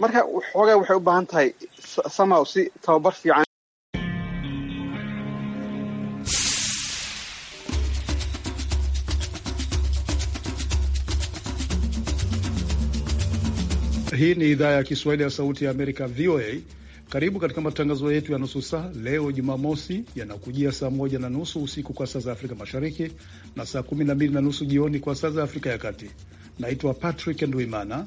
marka xoogaa waxay u baahan tahay somaw si tababar fiican Hii ni idhaa ya Kiswahili ya Sauti ya Amerika, VOA. Karibu katika matangazo yetu ya nusu saa leo Jumamosi, yanakujia saa moja na nusu usiku kwa saa za Afrika Mashariki na saa kumi na mbili na nusu jioni kwa saa za Afrika ya Kati. Naitwa Patrick Nduimana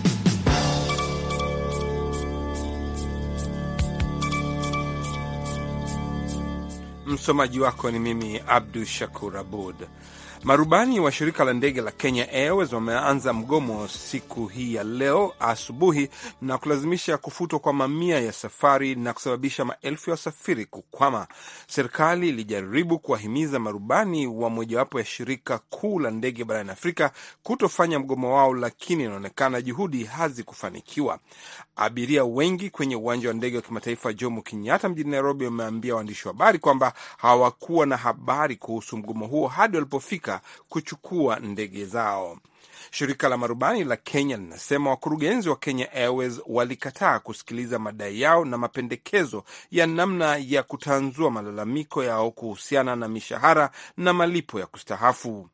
Msomaji wako ni mimi Abdu Shakur Abud. Marubani wa shirika la ndege la Kenya Airways wameanza mgomo siku hii ya leo asubuhi na kulazimisha kufutwa kwa mamia ya safari na kusababisha maelfu ya wasafiri kukwama. Serikali ilijaribu kuwahimiza marubani wa mojawapo ya shirika kuu la ndege barani Afrika kutofanya mgomo wao, lakini inaonekana juhudi hazikufanikiwa. Abiria wengi kwenye uwanja wa ndege wa kimataifa Jomo Kenyatta mjini Nairobi wameambia waandishi wa habari kwamba hawakuwa na habari kuhusu mgomo huo hadi walipofika kutumika kuchukua ndege zao. Shirika la marubani la Kenya linasema wakurugenzi wa Kenya Airways walikataa kusikiliza madai yao na mapendekezo ya namna ya kutanzua malalamiko yao kuhusiana na mishahara na malipo ya kustahafu.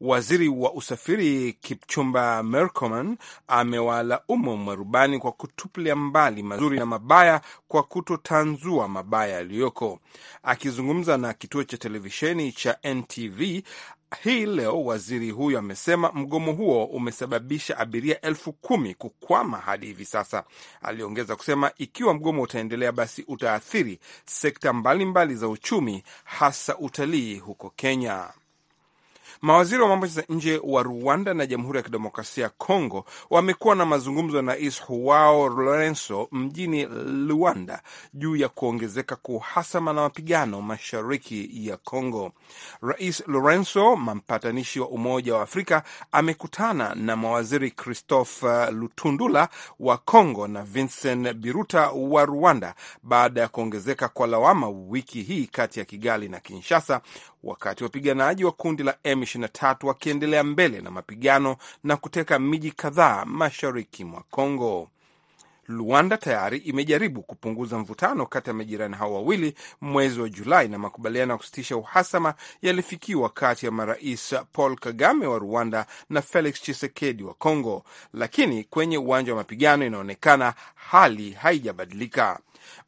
Waziri wa usafiri Kipchumba Mercoman amewalaumu marubani kwa kutupilia mbali mazuri na mabaya kwa kutotanzua mabaya yaliyoko. Akizungumza na kituo cha televisheni cha NTV hii leo, waziri huyo amesema mgomo huo umesababisha abiria elfu kumi kukwama hadi hivi sasa. Aliongeza kusema ikiwa mgomo utaendelea, basi utaathiri sekta mbalimbali mbali za uchumi, hasa utalii huko Kenya. Mawaziri wa mambo za nje wa Rwanda na Jamhuri ya Kidemokrasia ya Kongo wamekuwa na mazungumzo na Rais huao Lorenzo mjini Luanda juu ya kuongezeka kwa uhasama na mapigano mashariki ya Kongo. Rais Lorenzo, mpatanishi wa Umoja wa Afrika, amekutana na mawaziri Christophe Lutundula wa Kongo na Vincent Biruta wa Rwanda baada ya kuongezeka kwa lawama wiki hii kati ya Kigali na Kinshasa wakati wapiganaji wa kundi la M23 wakiendelea mbele na mapigano na kuteka miji kadhaa mashariki mwa congo Luanda tayari imejaribu kupunguza mvutano kati ya majirani hao wawili mwezi wa Julai, na makubaliano ya kusitisha uhasama yalifikiwa kati ya marais Paul Kagame wa Rwanda na Felix Tshisekedi wa congo lakini kwenye uwanja wa mapigano inaonekana hali haijabadilika.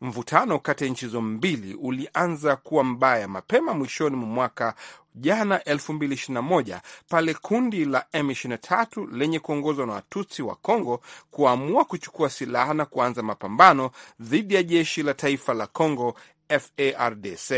Mvutano kati ya nchi hizo mbili ulianza kuwa mbaya mapema mwishoni mwa mwaka jana 2021 pale kundi la M23 lenye kuongozwa na Watutsi wa congo kuamua kuchukua silaha na kuanza mapambano dhidi ya jeshi la taifa la congo FARDC.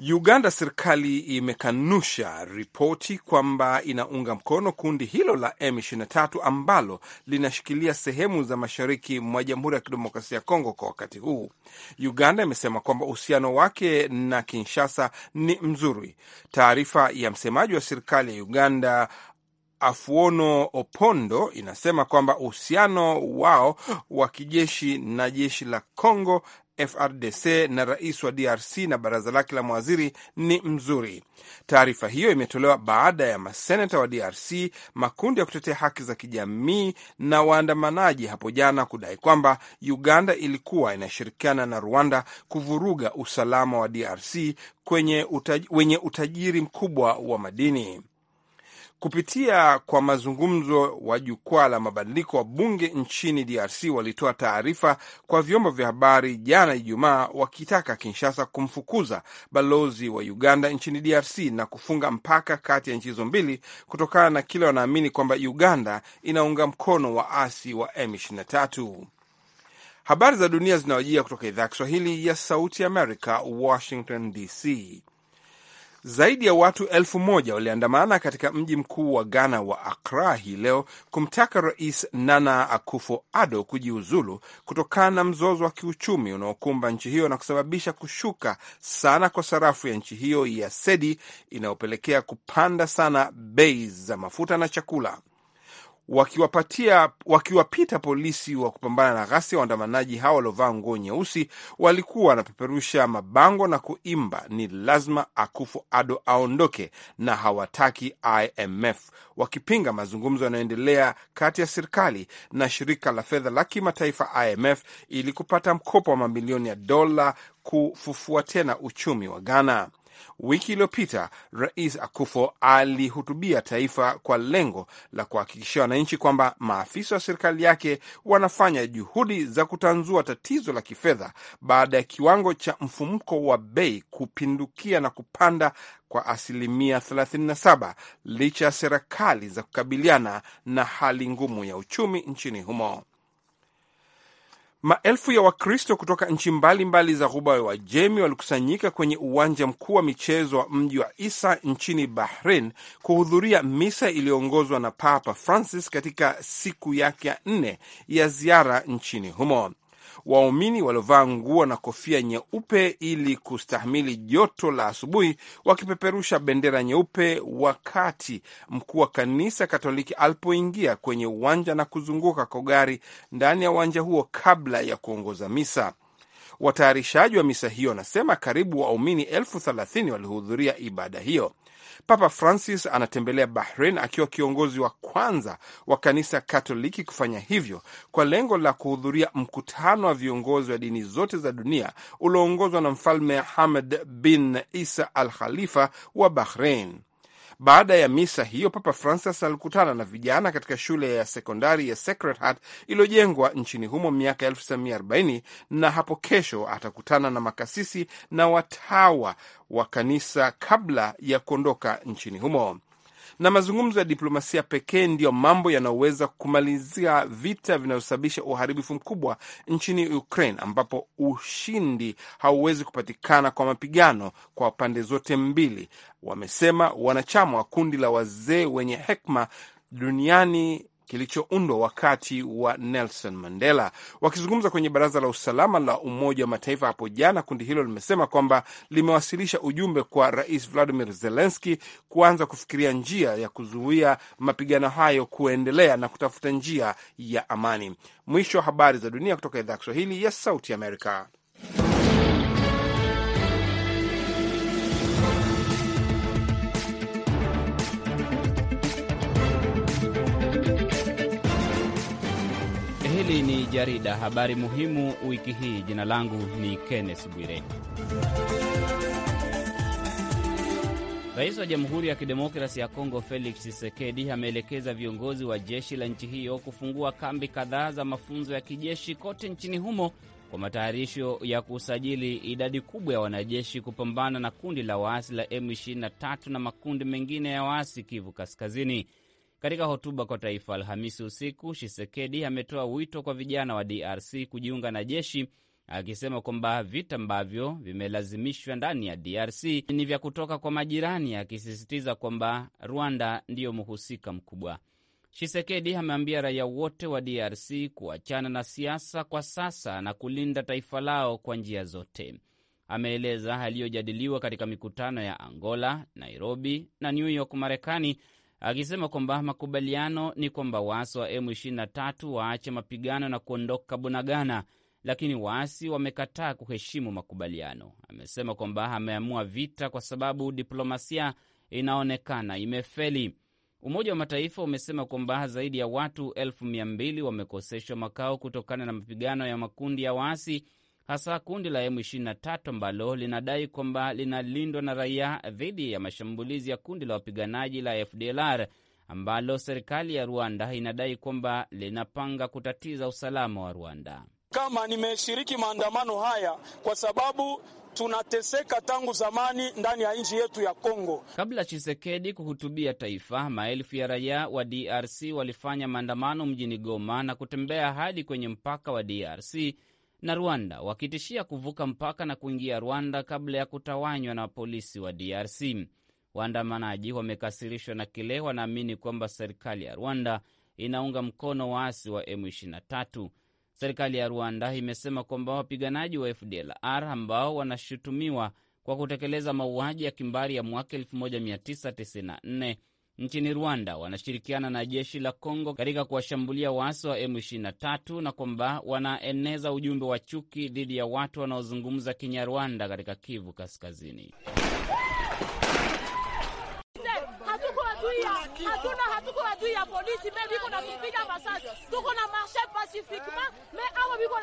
Uganda, serikali imekanusha ripoti kwamba inaunga mkono kundi hilo la M23 ambalo linashikilia sehemu za mashariki mwa Jamhuri ya Kidemokrasia ya Kongo kwa wakati huu. Uganda imesema kwamba uhusiano wake na Kinshasa ni mzuri. Taarifa ya msemaji wa serikali ya Uganda Afuono Opondo inasema kwamba uhusiano wao wa kijeshi na jeshi la Kongo FRDC na rais wa DRC na baraza lake la mawaziri ni mzuri. Taarifa hiyo imetolewa baada ya maseneta wa DRC, makundi ya kutetea haki za kijamii na waandamanaji hapo jana kudai kwamba Uganda ilikuwa inashirikiana na Rwanda kuvuruga usalama wa DRC kwenye utaj wenye utajiri mkubwa wa madini. Kupitia kwa mazungumzo wa jukwaa la mabadiliko, wa bunge nchini DRC walitoa taarifa kwa vyombo vya habari jana Ijumaa wakitaka Kinshasa kumfukuza balozi wa Uganda nchini DRC na kufunga mpaka kati ya nchi hizo mbili kutokana na kile wanaamini kwamba Uganda inaunga mkono waasi wa M23. Habari za dunia zinawajia kutoka idhaa ya Kiswahili ya Sauti Amerika, Washington DC. Zaidi ya watu elfu moja waliandamana katika mji mkuu wa Ghana wa Akra hii leo kumtaka Rais Nana akufo ado kujiuzulu kutokana na mzozo wa kiuchumi unaokumba nchi hiyo na kusababisha kushuka sana kwa sarafu ya nchi hiyo ya sedi inayopelekea kupanda sana bei za mafuta na chakula wakiwapatia wakiwapita polisi wa kupambana na ghasia. Waandamanaji hawa waliovaa nguo nyeusi walikuwa wanapeperusha mabango na kuimba ni lazima akufo ado aondoke na hawataki IMF, wakipinga mazungumzo yanayoendelea kati ya serikali na shirika la fedha la kimataifa IMF ili kupata mkopo wa mamilioni ya dola kufufua tena uchumi wa Ghana. Wiki iliyopita Rais Akufo alihutubia taifa kwa lengo la kuhakikishia wananchi kwamba maafisa wa serikali yake wanafanya juhudi za kutanzua tatizo la kifedha baada ya kiwango cha mfumko wa bei kupindukia na kupanda kwa asilimia 37 licha ya serikali za kukabiliana na hali ngumu ya uchumi nchini humo. Maelfu ya Wakristo kutoka nchi mbalimbali za Ghuba ya Uajemi walikusanyika kwenye uwanja mkuu wa michezo wa mji wa Isa nchini Bahrain kuhudhuria misa iliyoongozwa na Papa Francis katika siku yake ya nne ya ziara nchini humo waumini waliovaa nguo na kofia nyeupe ili kustahimili joto la asubuhi, wakipeperusha bendera nyeupe, wakati mkuu wa kanisa Katoliki alipoingia kwenye uwanja na kuzunguka kwa gari ndani ya uwanja huo kabla ya kuongoza misa. Watayarishaji wa misa hiyo wanasema karibu waumini elfu thelathini walihudhuria ibada hiyo. Papa Francis anatembelea Bahrain akiwa kiongozi wa kwanza wa kanisa Katoliki kufanya hivyo kwa lengo la kuhudhuria mkutano wa viongozi wa dini zote za dunia ulioongozwa na Mfalme Hamad bin Isa Al Khalifa wa Bahrain. Baada ya misa hiyo, Papa Francis alikutana na vijana katika shule ya sekondari ya Sacred Heart iliyojengwa nchini humo miaka 1940 na hapo kesho atakutana na makasisi na watawa wa kanisa kabla ya kuondoka nchini humo na mazungumzo ya diplomasia pekee ndiyo mambo yanayoweza kumalizia vita vinayosababisha uharibifu mkubwa nchini Ukraine, ambapo ushindi hauwezi kupatikana kwa mapigano kwa pande zote mbili, wamesema wanachama wa kundi la wazee wenye hekima duniani kilichoundwa wakati wa Nelson Mandela. Wakizungumza kwenye Baraza la Usalama la Umoja wa Mataifa hapo jana, kundi hilo limesema kwamba limewasilisha ujumbe kwa Rais Vladimir Zelenski kuanza kufikiria njia ya kuzuia mapigano hayo kuendelea na kutafuta njia ya amani. Mwisho wa habari za dunia kutoka idhaa ya Kiswahili ya Sauti Amerika. Hili ni jarida habari muhimu wiki hii. Jina langu ni Kenneth Bwire. Rais wa Jamhuri ya Kidemokrasi ya Kongo Felix Tshisekedi ameelekeza viongozi wa jeshi la nchi hiyo kufungua kambi kadhaa za mafunzo ya kijeshi kote nchini humo kwa matayarisho ya kusajili idadi kubwa ya wanajeshi kupambana na kundi la waasi la M23 na makundi mengine ya waasi Kivu Kaskazini. Katika hotuba kwa taifa Alhamisi usiku, Shisekedi ametoa wito kwa vijana wa DRC kujiunga na jeshi, akisema kwamba vita ambavyo vimelazimishwa ndani ya DRC ni vya kutoka kwa majirani, akisisitiza kwamba Rwanda ndiyo mhusika mkubwa. Shisekedi ameambia raia wote wa DRC kuachana na siasa kwa sasa na kulinda taifa lao kwa njia zote. Ameeleza aliyojadiliwa katika mikutano ya Angola, Nairobi na New York, Marekani, akisema kwamba makubaliano ni kwamba waasi wa M23 waache mapigano na kuondoka Bunagana, lakini waasi wamekataa kuheshimu makubaliano. Amesema kwamba ameamua vita kwa sababu diplomasia inaonekana imefeli. Umoja wa Mataifa umesema kwamba zaidi ya watu elfu mia mbili wamekoseshwa makao kutokana na mapigano ya makundi ya waasi hasa kundi la M23 ambalo linadai kwamba linalindwa na raia dhidi ya mashambulizi ya kundi la wapiganaji la FDLR ambalo serikali ya Rwanda inadai kwamba linapanga kutatiza usalama wa Rwanda. Kama nimeshiriki maandamano haya kwa sababu tunateseka tangu zamani ndani ya nchi yetu ya Kongo. Kabla Chisekedi kuhutubia taifa, maelfu ya raia wa DRC walifanya maandamano mjini Goma na kutembea hadi kwenye mpaka wa DRC na Rwanda wakitishia kuvuka mpaka na kuingia Rwanda kabla ya kutawanywa na polisi wa DRC. Waandamanaji wamekasirishwa na kile wanaamini kwamba serikali ya Rwanda inaunga mkono waasi wa M23. Serikali ya Rwanda imesema kwamba wapiganaji wa FDLR ambao wanashutumiwa kwa kutekeleza mauaji ya kimbari ya mwaka 1994 nchini Rwanda wanashirikiana na jeshi la Kongo katika kuwashambulia waasi wa M23 na kwamba wanaeneza ujumbe wa chuki dhidi ya watu wanaozungumza Kinyarwanda katika Kivu Kaskazini. hatuna hatuko ya polisi me viko masasi, tuko na pacifiquement me awa viko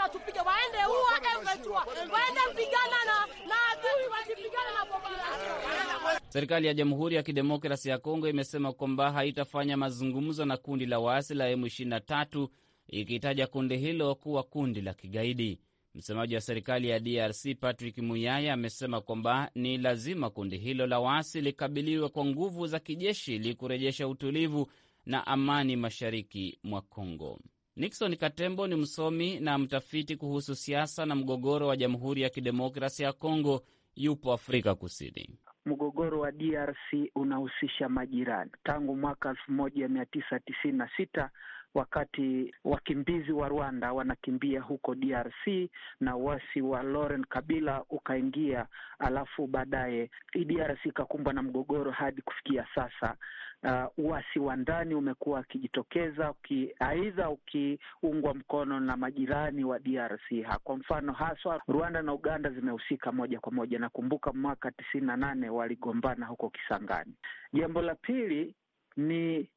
waende uwa M23 waende mpigana na adui wasipigana na population. Serikali ya Jamhuri ya Kidemokrasi ya Kongo imesema kwamba haitafanya mazungumzo na kundi la waasi la M23 ikitaja kundi hilo kuwa kundi la kigaidi. Msemaji wa serikali ya DRC Patrick Muyaya amesema kwamba ni lazima kundi hilo la waasi likabiliwe kwa nguvu za kijeshi ili kurejesha utulivu na amani mashariki mwa congo Nixon Katembo ni msomi na mtafiti kuhusu siasa na mgogoro wa Jamhuri ya Kidemokrasia ya congo yupo Afrika Kusini. Mgogoro wa DRC unahusisha majirani. Tangu mwaka elfu moja mia tisa tisini na sita wakati wakimbizi wa Rwanda wanakimbia huko DRC na uasi wa Laurent Kabila ukaingia, alafu baadaye DRC ikakumbwa na mgogoro hadi kufikia sasa. Uh, uasi wa ndani umekuwa akijitokeza aidha ukiungwa mkono na majirani wa DRC ha. Kwa mfano haswa Rwanda na Uganda zimehusika moja kwa moja. Nakumbuka mwaka tisini na nane waligombana huko Kisangani. Jambo la pili ni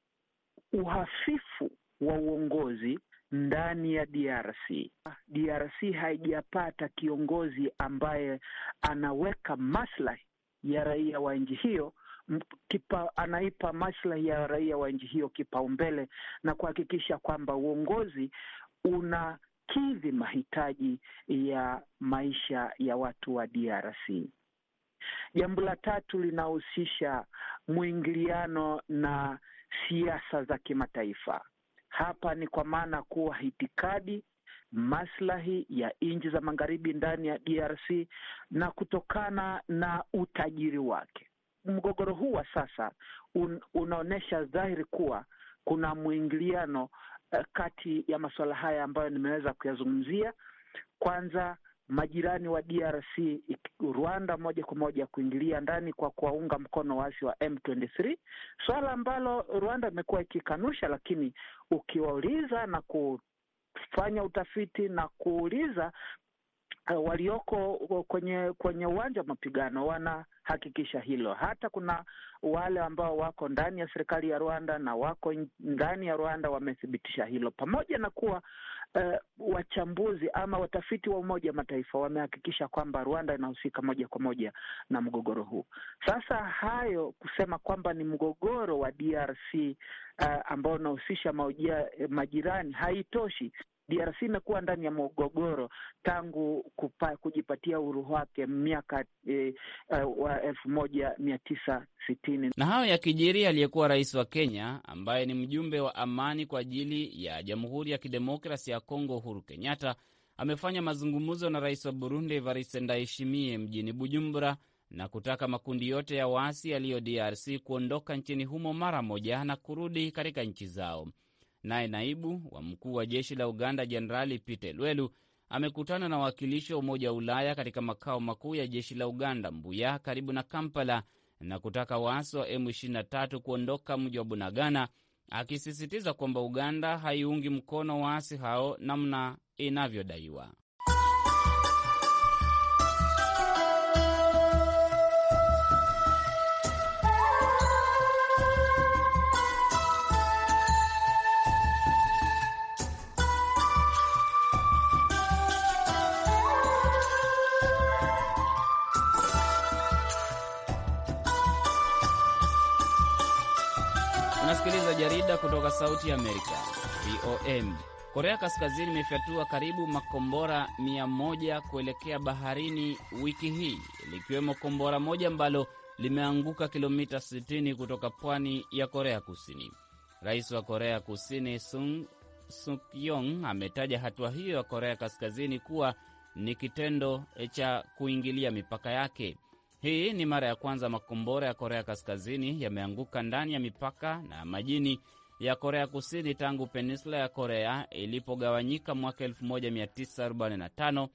uhafifu wa uongozi ndani ya DRC. DRC haijapata kiongozi ambaye anaweka maslahi ya raia wa nchi hiyo kipa, anaipa maslahi ya raia wa nchi hiyo kipaumbele na kuhakikisha kwamba uongozi unakidhi mahitaji ya maisha ya watu wa DRC. Jambo la tatu linahusisha mwingiliano na siasa za kimataifa. Hapa ni kwa maana kuwa itikadi, maslahi ya nchi za magharibi ndani ya DRC na kutokana na utajiri wake, mgogoro huu wa sasa un, unaonyesha dhahiri kuwa kuna mwingiliano eh, kati ya masuala haya ambayo nimeweza kuyazungumzia. Kwanza majirani wa DRC, Rwanda moja kwa moja kuingilia ndani kwa kuwaunga mkono waasi wa M23, swala ambalo Rwanda imekuwa ikikanusha, lakini ukiwauliza na ku fanya utafiti na kuuliza uh, walioko kwenye kwenye uwanja wa mapigano wanahakikisha hilo. Hata kuna wale ambao wako ndani ya serikali ya Rwanda na wako ndani ya Rwanda wamethibitisha hilo, pamoja na kuwa uh, wachambuzi ama watafiti wa Umoja wa Mataifa wamehakikisha kwamba Rwanda inahusika moja kwa moja na mgogoro huu. Sasa hayo kusema kwamba ni mgogoro wa DRC uh, eh, ambao unahusisha majirani haitoshi. DRC imekuwa ndani ya mgogoro tangu kupa, kujipatia uhuru wake miaka e, e, wa elfu moja mia tisa sitini. Na hayo yakijiri, aliyekuwa rais wa Kenya ambaye ni mjumbe wa amani kwa ajili ya Jamhuri ya Kidemokrasi ya Kongo Uhuru Kenyatta amefanya mazungumzo na rais wa Burundi Evariste Ndayishimiye mjini Bujumbura na kutaka makundi yote ya waasi yaliyo DRC kuondoka nchini humo mara moja na kurudi katika nchi zao. Naye naibu wa mkuu wa jeshi la Uganda Jenerali Peter Lwelu amekutana na wawakilishi wa Umoja wa Ulaya katika makao makuu ya jeshi la Uganda, Mbuya, karibu na Kampala, na kutaka waasi wa M23 kuondoka mji wa Bunagana, akisisitiza kwamba Uganda haiungi mkono waasi hao namna inavyodaiwa. kutoka Sauti Amerika VOM. Korea Kaskazini imefyatua karibu makombora 1 kuelekea baharini wiki hii likiwemo kombora moja ambalo limeanguka kilomita 60 kutoka pwani ya Korea Kusini. Rais wa Korea Kusini Sung Sukyong ametaja hatua hiyo ya Korea Kaskazini kuwa ni kitendo cha kuingilia mipaka yake. Hii ni mara ya kwanza makombora ya Korea Kaskazini yameanguka ndani ya mipaka na majini ya Korea Kusini tangu peninsula ya Korea ilipogawanyika mwaka 1945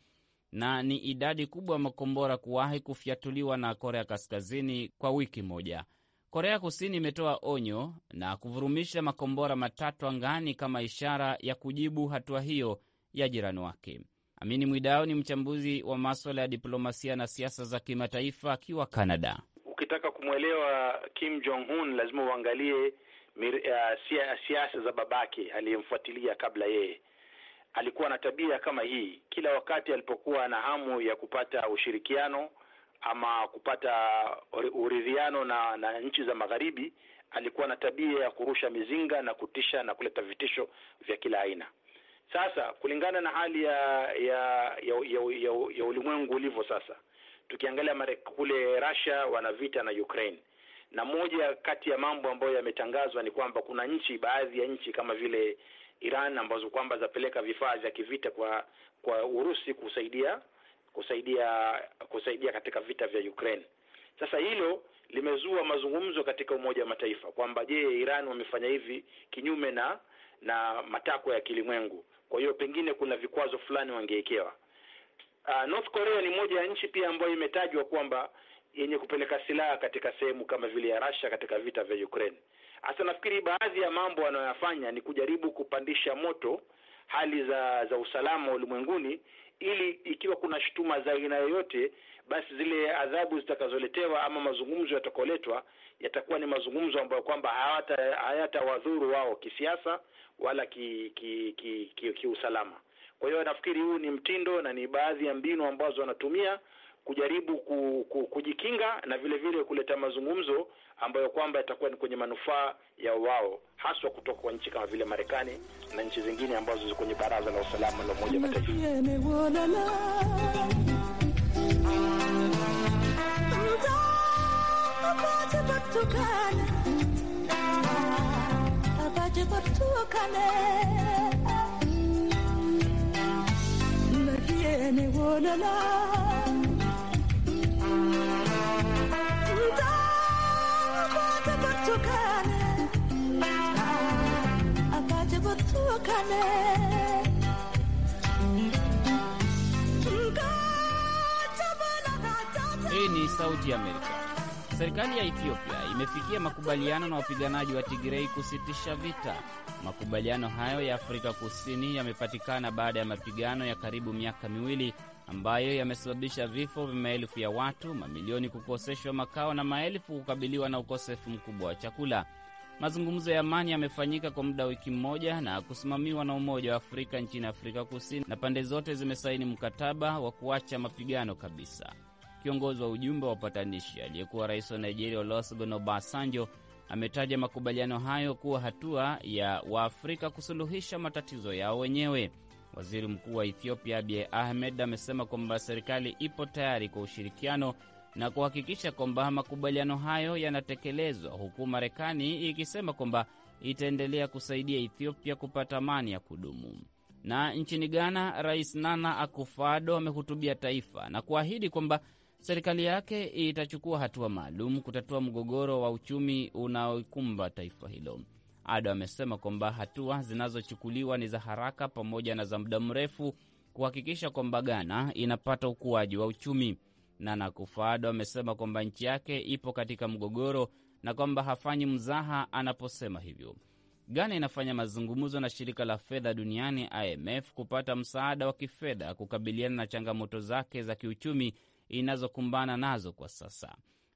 na ni idadi kubwa ya makombora kuwahi kufyatuliwa na Korea Kaskazini kwa wiki moja. Korea Kusini imetoa onyo na kuvurumisha makombora matatu angani kama ishara ya kujibu hatua hiyo ya jirani wake. Amini Mwidao ni mchambuzi wa maswala ya diplomasia na siasa za kimataifa akiwa Canada. Ukitaka kumwelewa Kim Jong Un lazima uangalie Eh, siasa sia za babake aliyemfuatilia kabla yeye. Alikuwa na tabia kama hii kila wakati alipokuwa na hamu ya kupata ushirikiano ama kupata uridhiano na, na nchi za magharibi, alikuwa na tabia ya kurusha mizinga na kutisha na kuleta vitisho vya kila aina. Sasa kulingana na hali ya ya ya, ya, ya, ya ulimwengu ulivyo sasa, tukiangalia kule Russia wana vita na Ukraine na moja kati ya mambo ambayo yametangazwa ni kwamba kuna nchi, baadhi ya nchi kama vile Iran ambazo kwamba zapeleka vifaa vya kivita kwa kwa Urusi kusaidia kusaidia kusaidia katika vita vya Ukraine. Sasa hilo limezua mazungumzo katika Umoja wa Mataifa kwamba je, Iran wamefanya hivi kinyume na na matakwa ya kilimwengu, kwa hiyo pengine kuna vikwazo fulani wangewekewa. Uh, North Korea ni moja ya nchi pia ambayo imetajwa kwamba yenye kupeleka silaha katika sehemu kama vile ya Russia katika vita vya Ukraine. Hasa nafikiri baadhi ya mambo anayoyafanya ni kujaribu kupandisha moto hali za za usalama ulimwenguni, ili ikiwa kuna shutuma za aina yoyote, basi zile adhabu zitakazoletewa ama mazungumzo yatakoletwa yatakuwa ni mazungumzo ambayo kwamba hayata hayatawadhuru wao kisiasa wala kiusalama ki, ki, ki, ki. Kwa hiyo nafikiri huu ni mtindo na ni baadhi ya mbinu ambazo wanatumia kujaribu ku, ku, kujikinga na vile vile kuleta mazungumzo ambayo kwamba yatakuwa ni kwenye manufaa ya wao haswa kutoka kwa nchi kama vile Marekani na nchi zingine ambazo ziko kwenye Baraza la Usalama la Umoja Mataifa. Hii ni Sauti ya Amerika. Serikali ya Ethiopia imefikia makubaliano na wapiganaji wa tigrei kusitisha vita. Makubaliano hayo ya Afrika Kusini yamepatikana baada ya mapigano ya karibu miaka miwili ambayo yamesababisha vifo vya maelfu ya watu, mamilioni kukoseshwa makao na maelfu kukabiliwa na ukosefu mkubwa wa chakula. Mazungumzo ya amani yamefanyika kwa muda wa wiki mmoja na kusimamiwa na Umoja wa Afrika nchini Afrika Kusini, na pande zote zimesaini mkataba wa kuacha mapigano kabisa. Kiongozi wa ujumbe wa upatanishi aliyekuwa rais wa Nigeria Olusegun Obasanjo ametaja makubaliano hayo kuwa hatua ya Waafrika kusuluhisha matatizo yao wenyewe. Waziri Mkuu wa Ethiopia Abiy Ahmed amesema kwamba serikali ipo tayari kwa ushirikiano na kuhakikisha kwamba makubaliano hayo yanatekelezwa, huku Marekani ikisema kwamba itaendelea kusaidia Ethiopia kupata amani ya kudumu. Na nchini Ghana, Rais Nana akufado amehutubia taifa na kuahidi kwamba serikali yake itachukua hatua maalum kutatua mgogoro wa uchumi unaoikumba taifa hilo. Ado amesema kwamba hatua zinazochukuliwa ni za haraka pamoja na za muda mrefu kuhakikisha kwamba Ghana inapata ukuaji wa uchumi. Nana Akufo-Addo amesema kwamba nchi yake ipo katika mgogoro na kwamba hafanyi mzaha anaposema hivyo. Ghana inafanya mazungumzo na shirika la fedha duniani IMF kupata msaada wa kifedha kukabiliana na changamoto zake za kiuchumi inazokumbana nazo kwa sasa.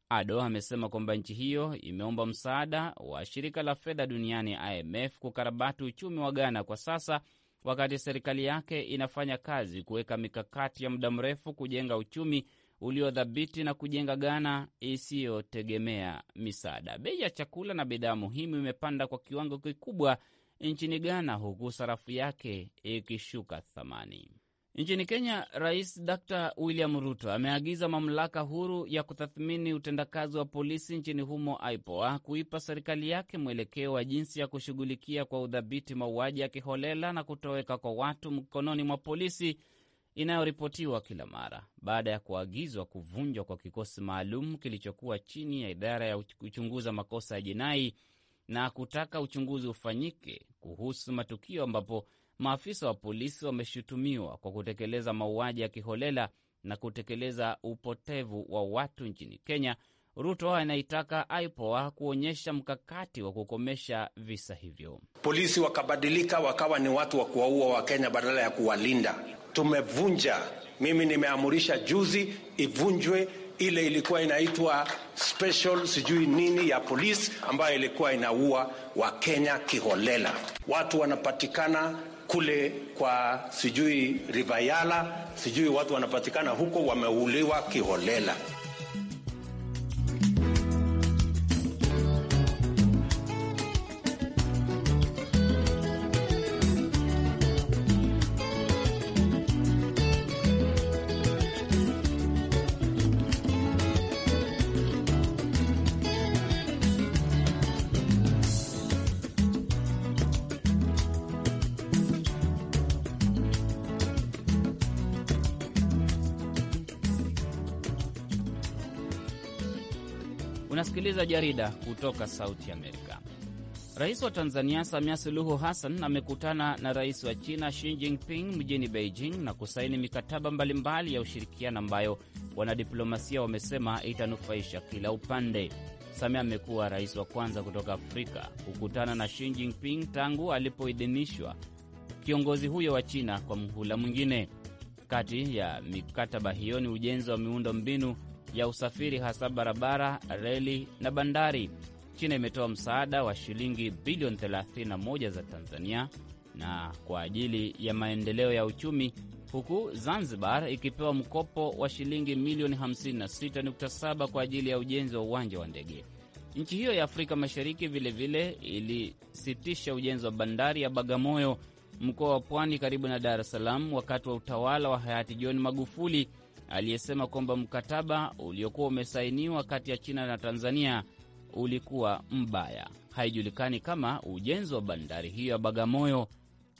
Ado amesema kwamba nchi hiyo imeomba msaada wa shirika la fedha duniani IMF kukarabati uchumi wa Ghana kwa sasa, wakati serikali yake inafanya kazi kuweka mikakati ya muda mrefu kujenga uchumi uliodhabiti na kujenga Ghana isiyotegemea misaada. Bei ya chakula na bidhaa muhimu imepanda kwa kiwango kikubwa nchini Ghana, huku sarafu yake ikishuka thamani. Nchini Kenya, Rais Dr William Ruto ameagiza mamlaka huru ya kutathmini utendakazi wa polisi nchini humo, IPOA, kuipa serikali yake mwelekeo wa jinsi ya kushughulikia kwa udhabiti mauaji ya kiholela na kutoweka kwa watu mkononi mwa polisi inayoripotiwa kila mara baada ya kuagizwa kuvunjwa kwa kikosi maalum kilichokuwa chini ya idara ya kuchunguza makosa ya jinai na kutaka uchunguzi ufanyike kuhusu matukio ambapo maafisa wa polisi wameshutumiwa kwa kutekeleza mauaji ya kiholela na kutekeleza upotevu wa watu nchini Kenya Ruto anaitaka IPOA kuonyesha mkakati wa kukomesha visa hivyo. Polisi wakabadilika wakawa ni watu wa kuwaua Wakenya badala ya kuwalinda. Tumevunja, mimi nimeamurisha juzi ivunjwe ile ilikuwa inaitwa special sijui nini ya polisi ambayo ilikuwa inaua Wakenya kiholela. Watu wanapatikana kule kwa sijui Rivayala, sijui watu wanapatikana huko wameuliwa kiholela. Unasikiliza jarida kutoka Sauti Amerika. Rais wa Tanzania Samia Suluhu Hassan amekutana na rais wa China Xi Jinping mjini Beijing na kusaini mikataba mbalimbali ya ushirikiano ambayo wanadiplomasia wamesema itanufaisha kila upande. Samia amekuwa rais wa kwanza kutoka Afrika kukutana na Xi Jinping tangu alipoidhinishwa kiongozi huyo wa China kwa mhula mwingine. Kati ya mikataba hiyo ni ujenzi wa miundo mbinu ya usafiri hasa barabara, reli na bandari. China imetoa msaada wa shilingi bilioni 31 za Tanzania na kwa ajili ya maendeleo ya uchumi, huku Zanzibar ikipewa mkopo wa shilingi milioni 56.7 kwa ajili ya ujenzi wa uwanja wa ndege. Nchi hiyo ya Afrika Mashariki vilevile ilisitisha ujenzi wa bandari ya Bagamoyo mkoa wa Pwani karibu na Dar es Salaam wakati wa utawala wa hayati John Magufuli aliyesema kwamba mkataba uliokuwa umesainiwa kati ya China na Tanzania ulikuwa mbaya. Haijulikani kama ujenzi wa bandari hiyo ya Bagamoyo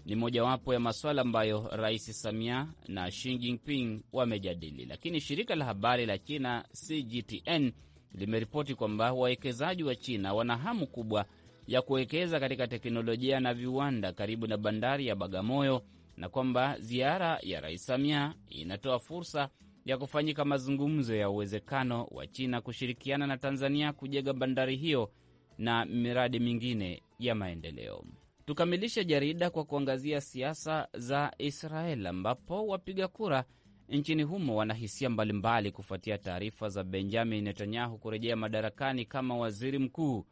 ni mojawapo ya maswala ambayo Rais Samia na Xi Jinping wamejadili, lakini shirika la habari la China CGTN limeripoti kwamba wawekezaji wa China wana hamu kubwa ya kuwekeza katika teknolojia na viwanda karibu na bandari ya Bagamoyo na kwamba ziara ya Rais Samia inatoa fursa ya kufanyika mazungumzo ya uwezekano wa China kushirikiana na Tanzania kujenga bandari hiyo na miradi mingine ya maendeleo. Tukamilishe jarida kwa kuangazia siasa za Israel ambapo wapiga kura nchini humo wana hisia mbalimbali kufuatia taarifa za Benjamin Netanyahu kurejea madarakani kama waziri mkuu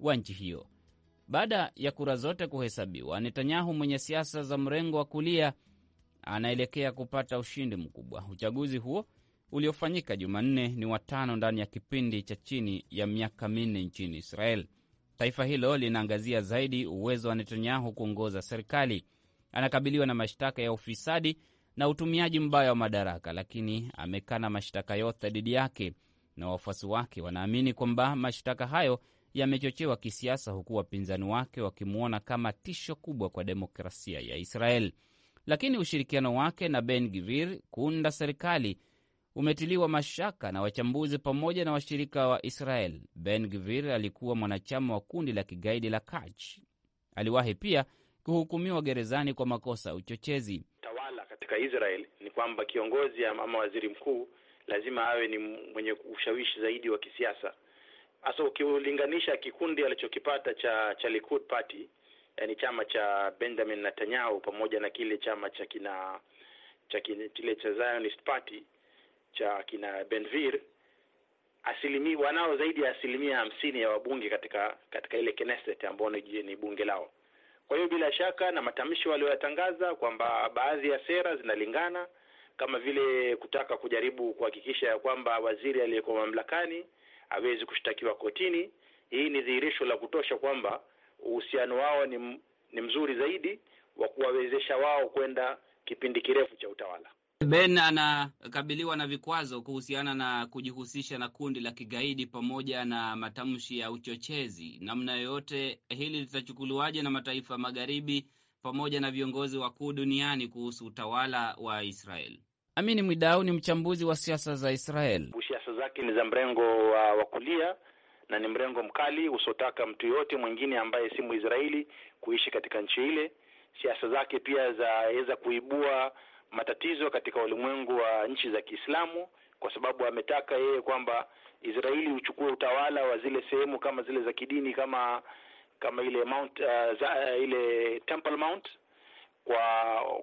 wa nchi hiyo. Baada ya kura zote kuhesabiwa, Netanyahu mwenye siasa za mrengo wa kulia anaelekea kupata ushindi mkubwa. Uchaguzi huo uliofanyika Jumanne ni watano ndani ya kipindi cha chini ya miaka minne nchini Israel. Taifa hilo linaangazia zaidi uwezo wa Netanyahu kuongoza serikali. Anakabiliwa na mashtaka ya ufisadi na utumiaji mbaya wa madaraka, lakini amekana mashtaka yote dhidi yake, na wafuasi wake wanaamini kwamba mashtaka hayo yamechochewa kisiasa, huku wapinzani wake wakimwona kama tisho kubwa kwa demokrasia ya Israel lakini ushirikiano wake na Ben Gvir kuunda serikali umetiliwa mashaka na wachambuzi pamoja na washirika wa Israel. Ben Gvir alikuwa mwanachama wa kundi la kigaidi la Kach. Aliwahi pia kuhukumiwa gerezani kwa makosa ya uchochezi. tawala katika Israel ni kwamba kiongozi ama waziri mkuu lazima awe ni mwenye ushawishi zaidi wa kisiasa, hasa ukilinganisha kikundi alichokipata cha, cha Likud Party Eh, ni chama cha Benjamin Netanyahu pamoja na kile chama cha kina cha kile cha Zionist Party cha kina Benvir asilimia wanao zaidi ya asilimia hamsini ya wabunge katika katika ile Knesset ambao ni bunge lao. Kwa hiyo bila shaka na matamshi walioyatangaza kwamba baadhi ya sera zinalingana, kama vile kutaka kujaribu kuhakikisha ya kwamba waziri aliyekuwa mamlakani hawezi kushtakiwa kotini. Hii ni dhihirisho la kutosha kwamba uhusiano wao ni, ni mzuri zaidi wa kuwawezesha wao kwenda kipindi kirefu cha utawala. Ben anakabiliwa na vikwazo kuhusiana na kujihusisha na kundi la kigaidi pamoja na matamshi ya uchochezi. Namna yoyote hili litachukuliwaje na mataifa magharibi pamoja na viongozi wakuu duniani kuhusu utawala wa Israel? Amini Mwidau ni mchambuzi wa siasa za Israel. Siasa zake ni za mrengo wa kulia na ni mrengo mkali usiotaka mtu yoyote mwingine ambaye si muisraeli kuishi katika nchi ile. Siasa zake pia zaweza kuibua matatizo katika ulimwengu wa nchi za Kiislamu kwa sababu ametaka yeye kwamba Israeli uchukue utawala wa zile sehemu kama zile za kidini kama kama ile Mount uh, za, uh, ile Temple Mount kwa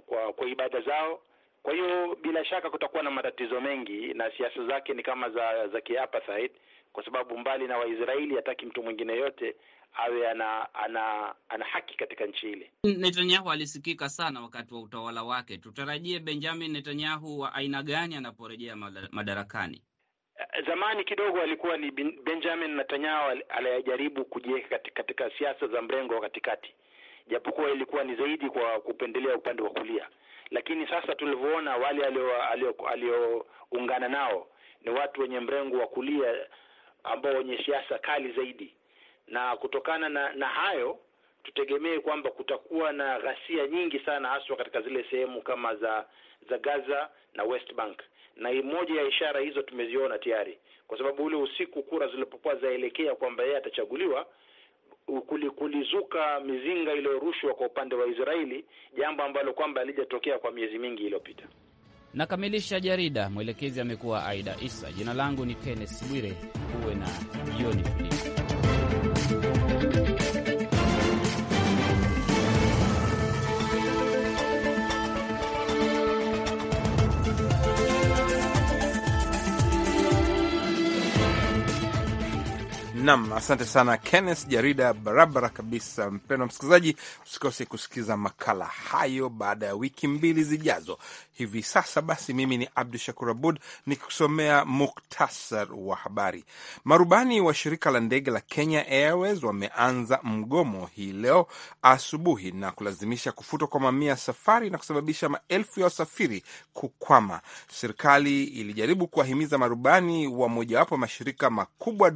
kwa, kwa ibada zao. Kwa hiyo bila shaka kutakuwa na matatizo mengi, na siasa zake ni kama za za apartheid kwa sababu mbali na Waisraeli hataki mtu mwingine yote awe ana, ana, ana haki katika nchi ile. Netanyahu alisikika sana wakati wa utawala wake. Tutarajie Benjamin Netanyahu wa aina gani anaporejea madarakani? Eh, zamani kidogo alikuwa ni Benjamin Netanyahu aliyejaribu kujiweka katika, katika siasa za mrengo wa katikati, japokuwa ilikuwa ni zaidi kwa kupendelea upande wa kulia, lakini sasa tulivyoona wale alioungana nao ni watu wenye mrengo wa kulia ambao wenye siasa kali zaidi, na kutokana na, na hayo tutegemee kwamba kutakuwa na ghasia nyingi sana, haswa katika zile sehemu kama za za Gaza na West Bank, na moja ya ishara hizo tumeziona tayari, kwa sababu ule usiku kura zilipokuwa zaelekea kwamba yeye atachaguliwa kulizuka mizinga iliyorushwa kwa upande wa Israeli, jambo ambalo kwamba halijatokea kwa miezi mingi iliyopita. Nakamilisha jarida. Mwelekezi amekuwa Aida Isa. Jina langu ni Kenneth Bwire. Uwe na jioni tulivu. Nam, asante sana Kenneth Jarida, barabara kabisa. Mpendwa msikilizaji, usikose kusikiza makala hayo baada ya wiki mbili zijazo. Hivi sasa basi, mimi ni Abdu Shakur Abud nikusomea muktasar wa habari. Marubani wa shirika la ndege la Kenya Airways wameanza mgomo hii leo asubuhi na kulazimisha kufutwa kwa mamia safari na kusababisha maelfu ya wasafiri kukwama. Serikali ilijaribu kuwahimiza marubani wa mojawapo mashirika makubwa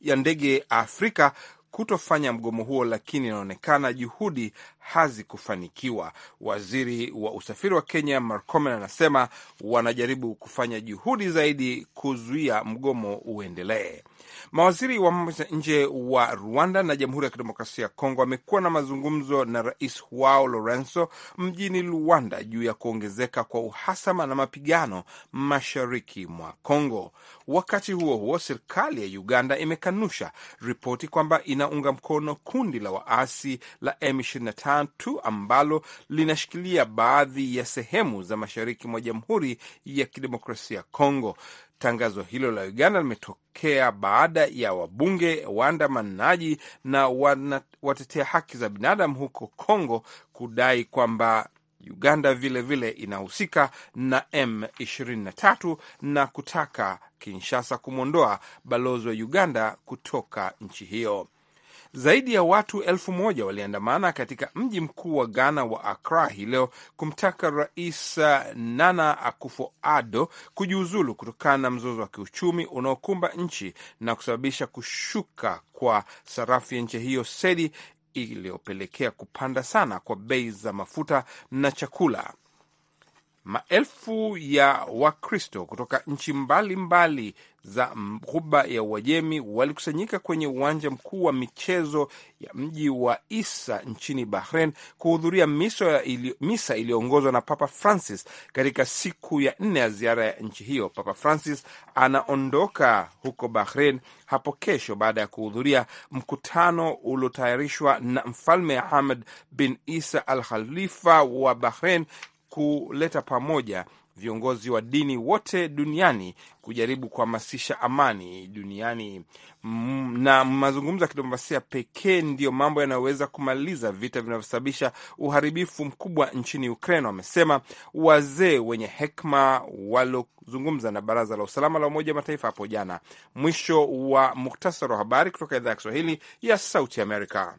ya ndege ndege Afrika kutofanya mgomo huo, lakini inaonekana juhudi hazikufanikiwa. Waziri wa usafiri wa Kenya Marcomen anasema wanajaribu kufanya juhudi zaidi kuzuia mgomo uendelee. Mawaziri wa mambo ya nje wa Rwanda na Jamhuri ya Kidemokrasia ya Kongo wamekuwa na mazungumzo na Rais Joao Lorenzo mjini Luanda juu ya kuongezeka kwa uhasama na mapigano mashariki mwa Kongo. Wakati huo huo, serikali ya Uganda imekanusha ripoti kwamba inaunga mkono kundi la waasi la M23 ambalo linashikilia baadhi ya sehemu za mashariki mwa Jamhuri ya Kidemokrasia ya Kongo. Tangazo hilo la Uganda limetokea baada ya wabunge waandamanaji na wana, watetea haki za binadamu huko Kongo kudai kwamba Uganda vilevile vile inahusika na M23 na kutaka Kinshasa kumwondoa balozi wa Uganda kutoka nchi hiyo. Zaidi ya watu elfu moja waliandamana katika mji mkuu wa Ghana wa Accra hii leo kumtaka Rais uh, Nana Akufo-Addo kujiuzulu kutokana na mzozo wa kiuchumi unaokumba nchi na kusababisha kushuka kwa sarafu ya nchi hiyo sedi iliyopelekea kupanda sana kwa bei za mafuta na chakula. Maelfu ya Wakristo kutoka nchi mbalimbali za Ghuba ya Uajemi walikusanyika kwenye uwanja mkuu wa michezo ya mji wa Isa nchini Bahrain kuhudhuria misa iliyoongozwa na Papa Francis katika siku ya nne ya ziara ya nchi hiyo. Papa Francis anaondoka huko Bahrain hapo kesho baada ya kuhudhuria mkutano uliotayarishwa na Mfalme Ahmed bin Isa Al Khalifa wa Bahrain kuleta pamoja viongozi wa dini wote duniani kujaribu kuhamasisha amani duniani. Mm, na mazungumzo ya kidiplomasia pekee ndiyo mambo yanayoweza kumaliza vita vinavyosababisha uharibifu mkubwa nchini Ukraine, wamesema wazee wenye hekma waliozungumza na Baraza la Usalama la Umoja wa Mataifa hapo jana. Mwisho wa muktasari wa habari kutoka idhaa ya Kiswahili ya Sauti Amerika.